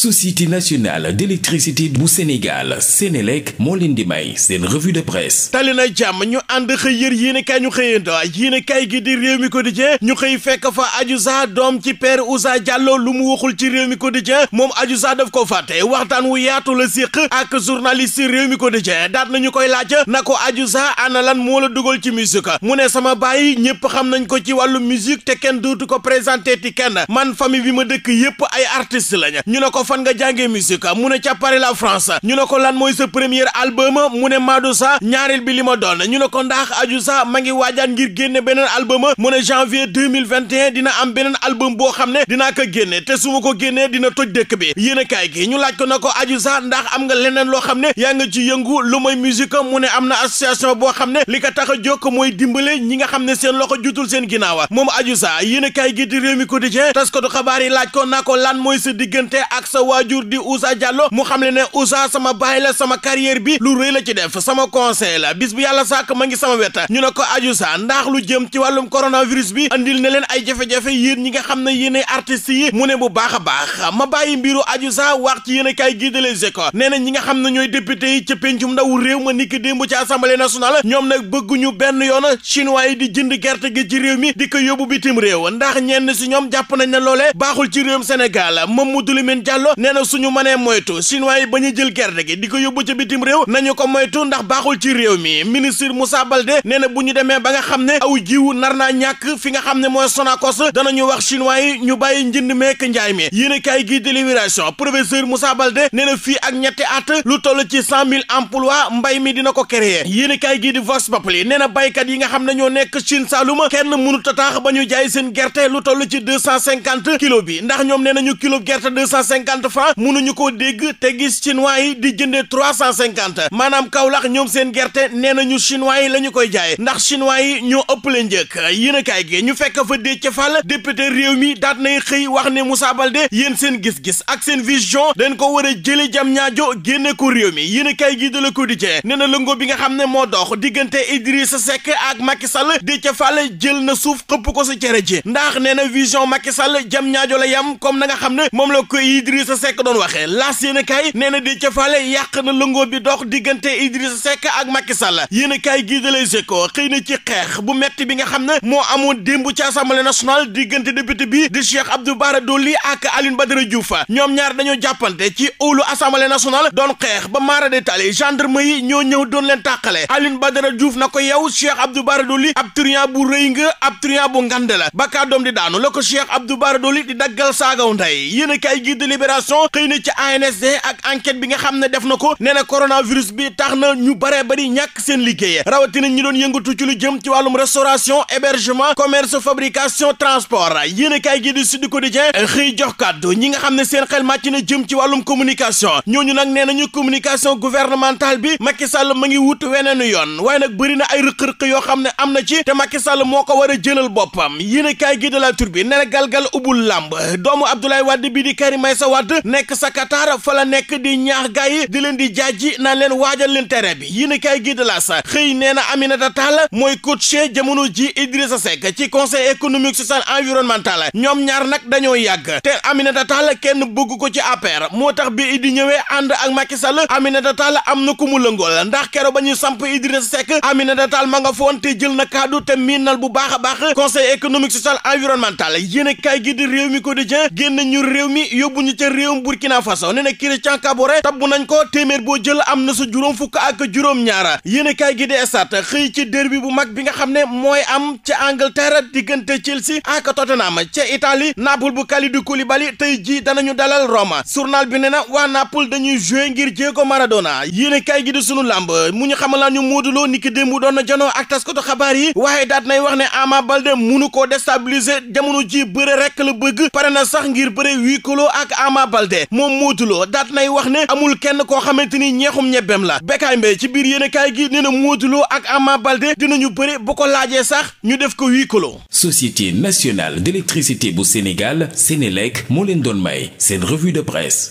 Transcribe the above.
société nationale d'électricité bu Sénégal Sénélec moo leen di may seen revue de presse tali na jàmm ñu ànd xëy yër yéenekaay ñu xëyanto yéenekaay gi di réew mi quotidien ñu xëy fekk fa Adiouza doom ci père Ousa jàlloo lu mu waxul ci réew mi quotidien moom Adiouza def ko fàtte waxtaan wu yaatu la séq ak journaliste réew mi quotidien daat ñu koy laaj na ko Adiouza ana lan moo la dugal ci musique mu ne sama baay ñëpp xam nañ ko ci wàllu musique te kenn dootu ko présenté ti kenn man famille bi ma dëkk yëpp ay artiste lañ ñu ne ko fan nga jàngee musique mu ne ca Paris la France ñu ne ko lan mooy sa premier album mu ne Madou Sa ñaareel bi li ma doon ñu ne ko ndax aju sa ma ngi waajaan ngir génne beneen album mu ne janvier 2021 dina am beneen album boo xam ne dinaa ko génne te su ko génnee dina toj dëkk bi yéen a gi ñu laaj ko na ko aju sa ndax am nga leneen loo xam ne yaa nga ci yëngu lu may musique mu ne am na association boo xam ne li ko tax a jokk mooy dimbale ñi nga xam ne seen loxo jutul seen ginnaawa moom aju sa yéen gi di réew mi quotidien tas ko xabaar yi laaj ko na lan mooy sa diggante ak sa waajur di Ousa Diallo mu xam le ne Ousa sama baay la sama carrière bi lu rëy la ci def sama conseil la bis bu yàlla sàkk ma ngi sama wet ñu ne ko aju sa ndax lu jëm ci wàllum coronavirus bi andil na leen ay jafe-jafe yéen ñi nga xam ne yéen ay artistes yi mu ne bu baax a baax ma bàyyi mbiru aju sa wax ci yéen a kaay gii de Les Échos nee na ñi nga xam ne ñooy député yi ca pencum ndaw réew ma niki démb ci assemblée nationale ñoom na bëgguñu benn yoon chinois yi di jënd gerte gi ci réew mi di ko yóbbu bitim réew ndax ñenn si ñoom jàpp nañ ne loolee baaxul ci réewum Sénégal nee na suñu mënee moytu chinois yi ba ñu jël gerte gi di ko yóbbu ca bitim réew nañu ko moytu ndax baaxul ci réew mi ministre Moussa Baldé nee na bu ñu demee ba nga xam ne aw jiw nar naa ñàkk fi nga xam ne mooy dana danañu wax chinois yi ñu bàyyi njënd meek njaay mi yéen kaay gi di Libération professeur Moussa Baldé nee na fii ak ñetti at lu toll ci cent mille emplois mbay mi dina ko créer yéen kaay gi di Vox Populi nee na baykat yi nga xam ne ñoo nekk Chine Saloum kenn mënut a tax ñu jaay seen gerte lu toll ci deux cent cinquante kilo bi ndax ñoom nee nañu kilo gerte deux cent cinquante cinquante francs mënuñu koo dégg te gis chinois yi di jëndee trois cent cinquante maanaam Kaolack ñoom seen gerte nee nañu chinois yi la ñu koy jaay ndax chinois yi ñoo ëpp leen njëkk yéen a kaay gi ñu fekk fa Déthié Fall député réew mi daat na xëy wax ne bal de yéen seen gis-gis ak seen vision dañ ko war a jële jam ñaajo génne ko réew mi yéen a kaay gi da la ko di cee nee na bi nga xam ne moo dox diggante Idrissa Seck ak Macky Sall Déthié Fall jël na suuf xëpp ko sa cere ji ndax nee na vision Macky Sall jam ñaajo la yam comme na nga xam ne moom la ko Idriss Idrissa Seck doon waxee laas yéen a kaay nee na Déthié yàq na lëngoo bi dox diggante Idrissa Seck ak Macky Sall yéen a kaay gii de Les Échos xëy na ci xeex bu metti bi nga xam ne moo amoon démb ci assemblée nationale diggante député bi di Cheikh Abdou Bara Dolly ak Alioune Badara Diouf ñoom ñaar dañoo jàppante ci óolu assemblée nationale doon xeex ba maara détaillé gendarme yi ñoo ñëw doon leen tàqale Alioune Badara Diouf na ko yow Cheikh Abdou Bara Dolly ab truand bu rëy nga ab truand bu ngand ba kàddoom di daanu la ko Cheikh Abdou Bara Dolly di daggal saagaw ndey yéen a kaay libération xëy na ci ANSD ak enquête bi nga xam ne def na ko nee na coronavirus bi tax na ñu baree bari ñàkk seen liggéey rawatina ñi doon yëngatu ci lu jëm ci wàllum restauration hébergement commerce fabrication transport yéen a kaay gi di Sud Quotidien xëy jox kàddu ñi nga xam ne seen xel màcc na jëm ci wàllum communication ñooñu nag nee nañu communication gouvernementale bi Macky Sall ma ngi wut weneen yoon waaye nag bëri na ay rëq yoo xam ne am na ci te Macky Sall moo ko war a jëlal boppam yéen a kaay gi de la Tribune nee na galgal ubbul làmb doomu Abdoulaye Wade di Karim Meïssa Wade tëdd nekk sakataar fa la nekk di ñaax gaay yi di leen di jaaji naan leen waajal leen tere bi yéen a kaay gi de la sa xëy nee na Aminata Tall mooy coaché jamono ji Idrissa Seck ci conseil économique social environnemental ñoom ñaar nag dañoo yàgg te Aminata Tall kenn bëgg ko ci APR moo tax bi Idi ñëwee ànd ak Macky Sall Aminata Tall am na ku mu lëngool ndax kero ba ñuy samp Idrissa Seck Aminata Tall ma nga foon te jël na kaddu te miinal bu baax a baax conseil économique social environnemental yéen a kaay gi di réew mi quotidien génn ñu réew mi yóbbu réewum Burkina Faso nee na Christian Kaboré tabbu nañ ko téeméer boo jël am na sa juróom fukk ak juróom-ñaara yéen kaay gi di estat xëy ci derbi bu mag bi nga xam ne mooy am ca Angleterre diggante Chelsea ak Tottenham ca Italie Naples bu Kalidou Koulibaly tey ji dana ñu dalal Roma journal bi nee na waa Naples dañuy joué ngir Diego Maradona yéen kaay gi di sunu làmb mu ñu xamalaan ñu Modou Lo niki démb doon na janoo ak taskatu xabaar yi waaye daat nay wax ne Ama Baldé munu koo déstabiliser jamono ji bëre rek la bëgg pare na sax ngir bëre huis clos Ama moom Modou Lo daat nay wax ne amul kenn koo xamante ni ñeexum ñebbeem la Bécaye Mbaye ci biir yéen kaay gi ne na Modou Lo ak Ama Baldé dinañu bëre bu ko laajee sax ñu def ko huis clos. Société nationale d'électricité bu Sénégal Sénélec moo leen doon may seen revue de presse.